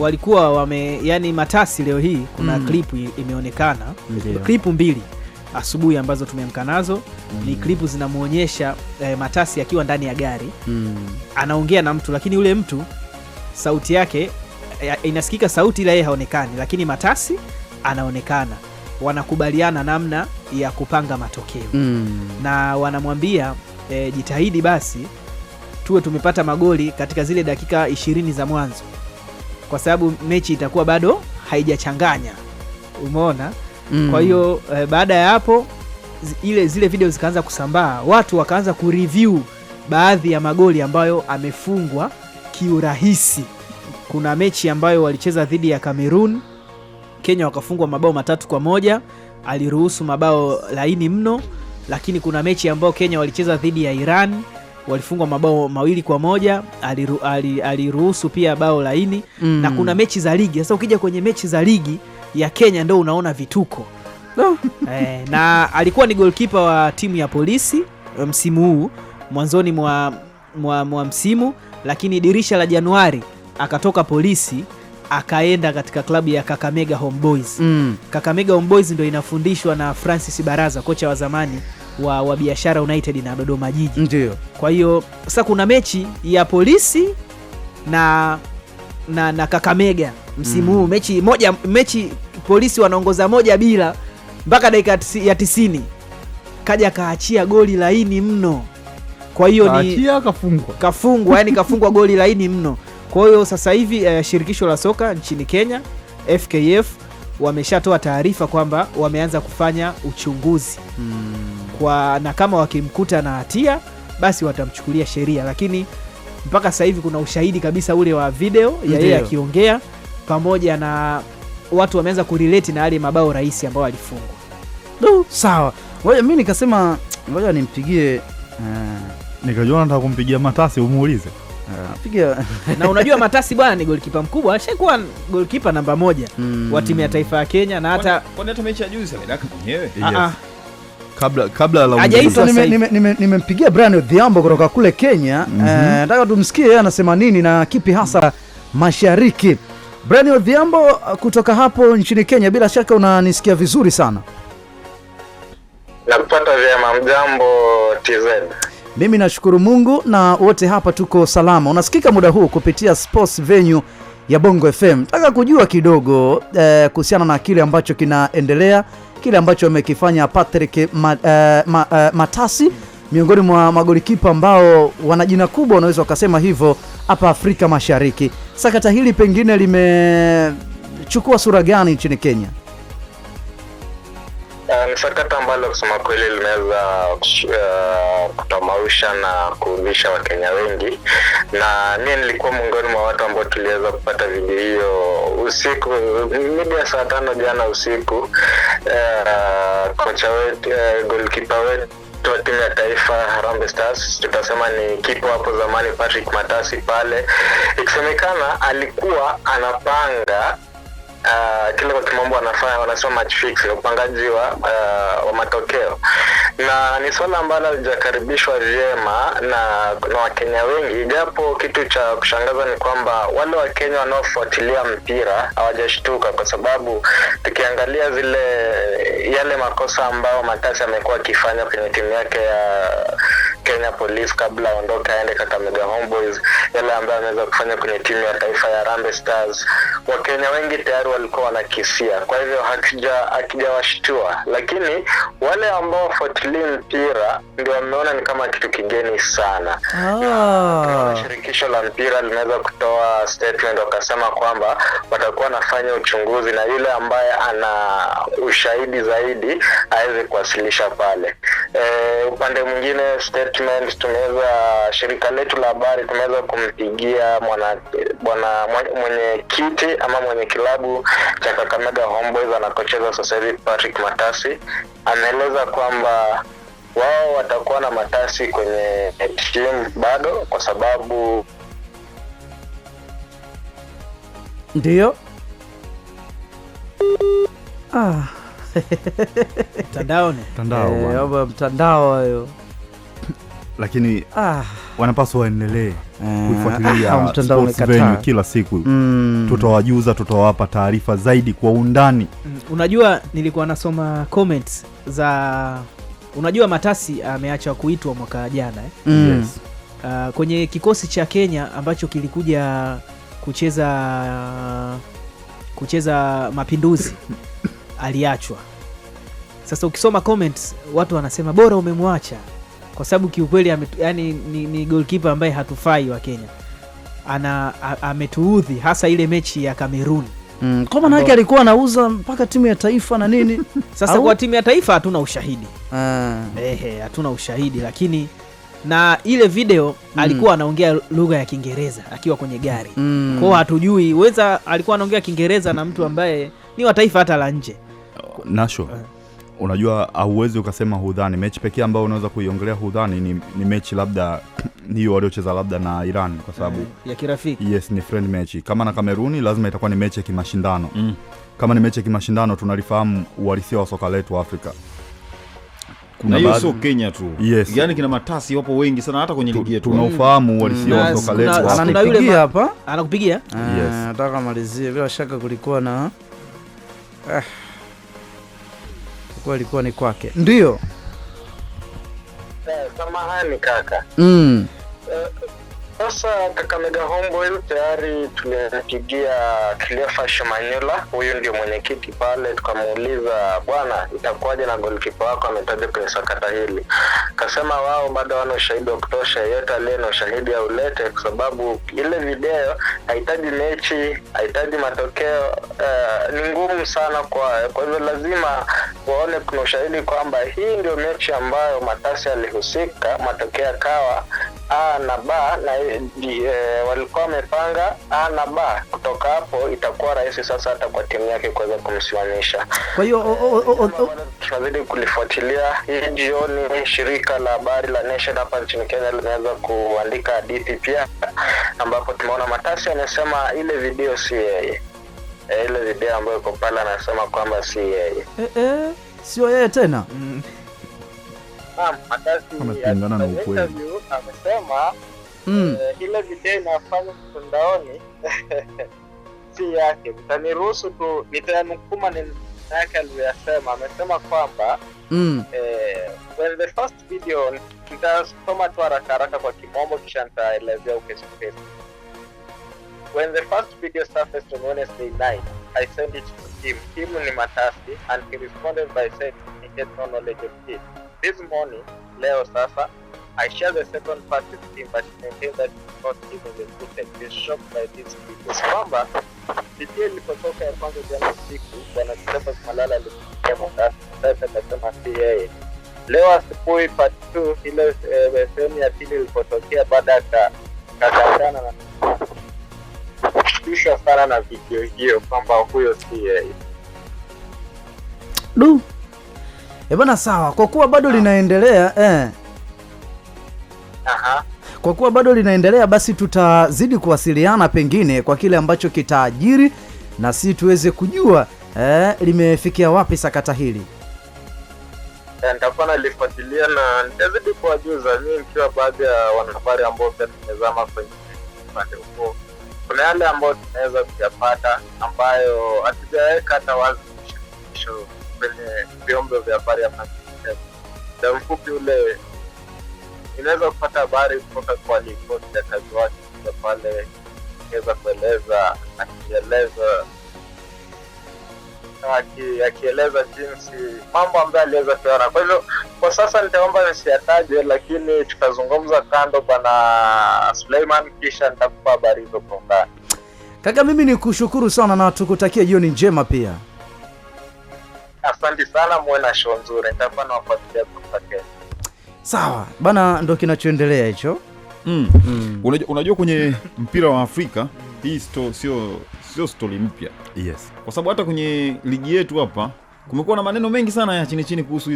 walikuwa wame yani matasi leo hii kuna mm. klipu imeonekana Mdeo. klipu mbili asubuhi ambazo tumeamka nazo mm. ni klipu zinamwonyesha eh, matasi akiwa ndani ya gari mm. anaongea na mtu lakini yule mtu sauti yake inasikika sauti ila yeye haonekani lakini matasi anaonekana wanakubaliana namna ya kupanga matokeo mm. na wanamwambia eh, jitahidi basi tuwe tumepata magoli katika zile dakika ishirini za mwanzo kwa sababu mechi itakuwa bado haijachanganya, umeona mm. Kwa hiyo e, baada ya hapo ile zile video zikaanza kusambaa, watu wakaanza kureview baadhi ya magoli ambayo amefungwa kiurahisi. Kuna mechi ambayo walicheza dhidi ya kamerun Kenya wakafungwa mabao matatu kwa moja, aliruhusu mabao laini mno. Lakini kuna mechi ambayo Kenya walicheza dhidi ya Iran walifungwa mabao mawili kwa moja, aliruhusu pia bao laini mm. na kuna mechi za ligi. Sasa ukija kwenye mechi za ligi ya Kenya ndo unaona vituko no. E, na alikuwa ni golkipa wa timu ya Polisi eh, msimu huu mwanzoni mwa, mwa, mwa msimu, lakini dirisha la Januari akatoka Polisi akaenda katika klabu ya Kakamega Homeboys mm. Kakamega Homeboys ndio inafundishwa na Francis Baraza, kocha wa zamani wa, wa Biashara United na Dodoma Jiji. Ndio. Kwa hiyo sasa kuna mechi ya Polisi na na, na Kakamega msimu mm. huu mm. mechi moja, mechi Polisi wanaongoza moja bila mpaka dakika ya tisini kaja kaachia goli laini mno, kwa hiyo ni kafungwa kafungwa, yani kafungwa goli laini mno. Kwa hiyo sasa hivi uh, shirikisho la soka nchini Kenya FKF wameshatoa taarifa kwamba wameanza kufanya uchunguzi hmm. kwa na kama wakimkuta na hatia basi watamchukulia sheria, lakini mpaka sasa hivi kuna ushahidi kabisa ule wa video ya yeye akiongea pamoja na watu wameanza kurileti na yale mabao rahisi ambayo alifungwa. Sawa, ngoja mi nikasema ngoja nimpigie uh... Eh, nikajua nataka kumpigia Matasi umuulize Piga. na unajua Matasi bwana ni golikipa mkubwa, ashakuwa golikipa namba moja mm. wa timu ya taifa ya Kenya na hata mechi ya juzi mwenyewe ah, ah. kabla kabla la nimempigia Brian Odhiambo kutoka kule Kenya. Mhm. Eh, nataka mm -hmm. tumsikie yeye anasema nini na kipi hasa mashariki. Brian Odhiambo uh, kutoka hapo nchini Kenya, bila shaka unanisikia vizuri sana. Nakupata vyema. Mjambo TZ. Mimi nashukuru Mungu na wote hapa tuko salama. Unasikika muda huu kupitia sports venue ya Bongo FM. taka kujua kidogo eh, kuhusiana na kile ambacho kinaendelea, kile ambacho amekifanya Patrick ma, eh, ma, eh, Matasi miongoni mwa magolikipa ambao wana jina kubwa, wanaweza wakasema hivyo hapa Afrika Mashariki. Sakata hili pengine limechukua sura gani nchini Kenya? ni sakata ambalo kusema kweli limeweza uh, kutamausha na kuuzisha wakenya wengi na mie nilikuwa miongoni mwa watu ambao tuliweza kupata video hiyo usiku mida ya saa tano jana usiku uh, kocha wetu uh, golkipa wetu wa timu ya taifa Harambee Stars, tutasema ni kipo hapo zamani Patrick Matasi pale, ikisemekana alikuwa anapanga Ah, kile kwa kimombo wanafanya wanasema match fix upangaji wa, uh, wa matokeo na ni swala ambalo alijakaribishwa vyema na, na Wakenya wengi, ijapo kitu cha kushangaza ni kwamba wale Wakenya wanaofuatilia mpira hawajashtuka, kwa sababu tukiangalia zile yale makosa ambayo Matasi amekuwa akifanya kwenye timu yake ya uh, polisi kabla aondoke aende Kakamega Homeboys, yale ambayo ameweza kufanya kwenye timu ya taifa ya rambe Stars. Wakenya wengi tayari walikuwa wanakisia, kwa hivyo hakijawashtua, lakini wale ambao wafuatilii mpira ndio wameona ni kama kitu kigeni sana. Oh. Shirikisho la mpira limeweza kutoa statement wakasema kwamba watakuwa wanafanya uchunguzi na yule ambaye ana ushahidi zaidi aweze kuwasilisha pale. E, upande mwingine statement Times tumeweza, shirika letu la habari tumeweza kumpigia bwana bwana mwenyekiti ama mwenye kilabu cha Kakamega Homeboys anakocheza sasa hivi Patrick Matasi, ameeleza kwamba wao watakuwa na Matasi kwenye timu bado kwa sababu ndiyo ah. Eh, mtandao mtandao hayo lakini ah, wanapaswa waendelee eh, ah, kila siku mm. Tutawajuza, tutawapa taarifa zaidi kwa undani. Mm, unajua, nilikuwa nasoma comments za, unajua Matasi ameacha kuitwa mwaka jana eh? mm. yes. Uh, kwenye kikosi cha Kenya ambacho kilikuja kucheza kucheza Mapinduzi aliachwa. Sasa ukisoma comments watu wanasema bora umemwacha kwa sababu kiukweli yani, ni, ni golkipa ambaye hatufai wa Kenya ana ametuudhi hasa ile mechi ya Kamerun mm, kwa maana yake alikuwa anauza mpaka timu ya taifa na nini sasa Au? Kwa timu ya taifa hatuna ushahidi ah. Ehe, hatuna ushahidi lakini na ile video mm. alikuwa anaongea lugha ya Kiingereza akiwa kwenye gari mm. kwao, hatujui weza alikuwa anaongea Kiingereza na mtu ambaye ni wa taifa hata la nje Nashua. Eh unajua hauwezi ukasema hudhani. Mechi pekee ambayo unaweza kuiongelea hudhani ni, ni mechi labda hiyo waliocheza labda na Iran kwa sababu mm, ya kirafiki. Yes, ni friend mechi. Kama na Kameruni lazima itakuwa ni mechi ya kimashindano mm. Kama ni mechi ya kimashindano tunalifahamu uhalisia wa soka letu Afrika kuna hiyo sio Kenya tu. Yes. yani kina matasi wapo wengi sana hata kwenye ligi yetu. Tunaofahamu walisiwa mm. mm. soka letu. hapa? Anakupigia? Ah, nataka malizie bila shaka kulikuwa na ah kuwa ilikuwa ni kwake. Ndio, eh, samahani kaka. mm sasa Kakamega Homeboy tayari tulimpigia Cleofash shimanyula huyu ndio mwenyekiti pale, tukamuuliza bwana, itakuwaje na golkipa wako ametaja kwenye sakata hili? Kasema wao bado wana ushahidi wa kutosha, yeyote aliye na ushahidi aulete, kwa sababu ile video hahitaji mechi, hahitaji matokeo. Uh, ni ngumu sana kwa kwa hivyo lazima waone kuna ushahidi kwamba hii ndio mechi ambayo Matasi alihusika, matokeo yakawa A na B na e, walikuwa wamepanga A na B. Kutoka hapo itakuwa rahisi sasa hata kwa timu yake kuweza kumsimamisha. Kwa hiyo tunazidi kulifuatilia hii jioni. Shirika la habari la Nation hapa nchini Kenya limeweza kuandika hadithi pia, ambapo tumeona Matasi amesema ile video si yeye, eh, ile video ambayo iko pale anasema kwamba si yeye, eh, eh, sio yeye tena mm amepingana na ukweli. Amesema hmm. eh, ile video inafanya mtandaoni si yake, mtaniruhusu tu nitanukuu maneno yake aliyoyasema. Amesema kwamba mm. eh, the first video nitasoma tu haraka haraka kwa kimombo, kisha nitaelezea ukesukesi. When the first video surfaced on Wednesday night, I sent it to him. Him ni Matasi and he responded by saying he had no knowledge of it this morning, leo sasa, I share the second part with him, but maintain that it's not even the good footage. He's shocked by this because kwamba DPL ilipotoka ya kwanza jana usiku, bwana Cleophas Malala alikuja Mombasa. Sasa akasema si yeye. Leo asubuhi part 2 ile eh, sehemu ya pili ilipotokea, baada ya kakatana na kushtushwa sana na video hiyo kwamba huyo si yeye. Du. Ebana, eh, sawa. Kwa kuwa bado ah. linaendelea eh. Aha. Kwa kuwa bado linaendelea, basi tutazidi kuwasiliana pengine kwa kile ambacho kitaajiri na si tuweze kujua eh, limefikia wapi sakata hili. Eh, Nitakuwa nalifuatilia na nitazidi kuwajuza nyinyi, mkiwa baadhi ya wanahabari ambao pia tumezama kwenye upande huo. Kuna yale ambayo tunaweza kuyapata ambayo hatujaweka hata wazi kwenye vyombo vya habari ya muda mfupi ule inaweza kupata habari kutoka kwa kazi wake kuja pale akiweza kueleza akieleza akieleza jinsi mambo ambayo aliweza kuona. Kwa hivyo kwa sasa nitaomba nisiyataje, lakini tutazungumza kando bwana Suleiman, kisha nitakupa habari hizo kwa undani. Kaka, mimi ni kushukuru sana na tukutakia jioni njema pia. Asante sana, muwe na show nzuri, nitakuwa nawafuatilia kutoka Kenya. Sawa bana, ndo kinachoendelea hicho. mm. mm. Unajua, unajua kwenye mpira wa Afrika hii sio sio stori mpya, yes, kwa sababu hata kwenye ligi yetu hapa kumekuwa na maneno mengi sana ya chini chini kuhusu